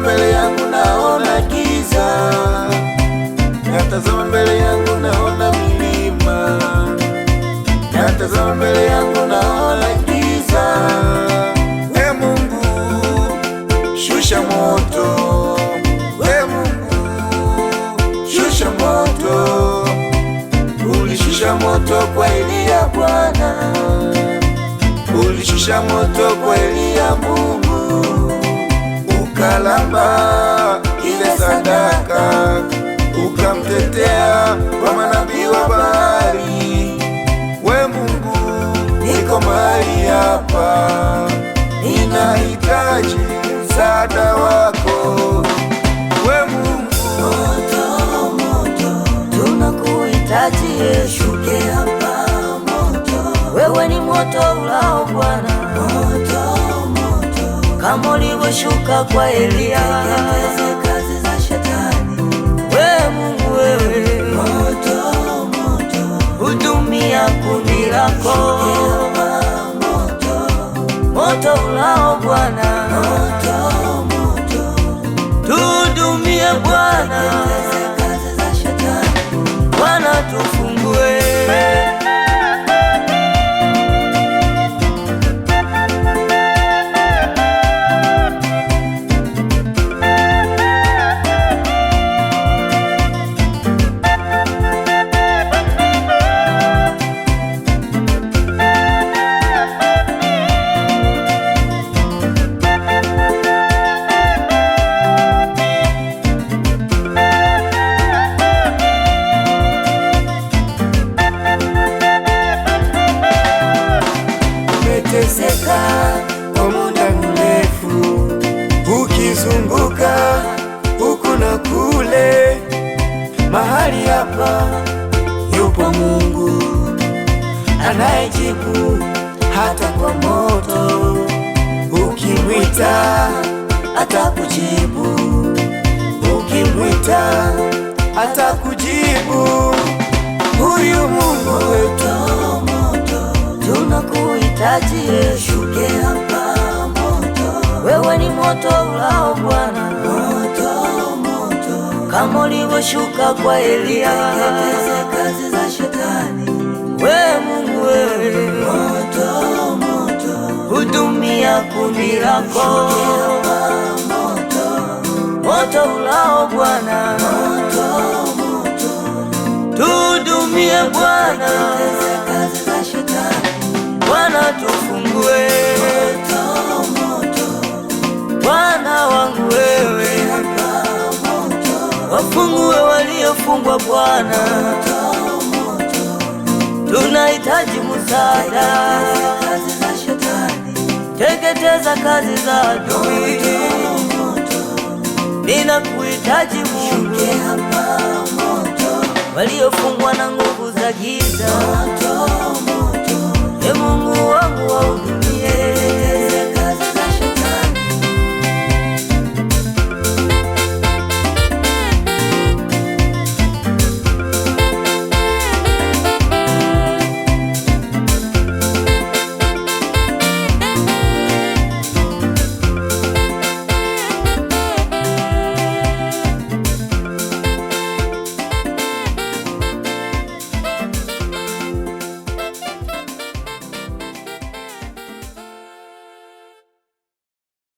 mbele yangu naona giza, natazama mbele yangu naona milima, natazama mbele yangu naona giza. We Mungu, shusha moto, we Mungu, shusha moto. Ulishusha moto kwa Eliya Bwana, ulishusha moto kwa Eliya msalaba ile sadaka, ukamtetea kwa manabii wa bahari We Mungu, niko mahali hapa, ninahitaji msaada wako. We Mungu, moto moto, tunakuhitaji, shuke hapa moto. Wewe ni moto ulao Bwana kama ulivyoshuka kwa Elia. Kazi za shetani, we Mungu, wewe moto moto, hudumia kundi lako moto, moto ulao Bwana mahali hapa yupo Mungu anayejibu hata kwa moto, ukimwita atakujibu, ukimwita atakujibu. Huyu Mungu wetu, tunakuhitaji shuke hapa moto, wewe ni moto ulao Bwana kama ulivyoshuka kwa Elia, teketeza kazi za shetani. We Mungu we, moto moto, hudumia kundi lako, moto moto ulao Bwana, tuhudumie Bwana, Bwana tufungue tumefungwa Bwana, tunahitaji msaada, teketeza kazi za adui, ninakuhitaji Mungu. Waliofungwa na nguvu za giza moto.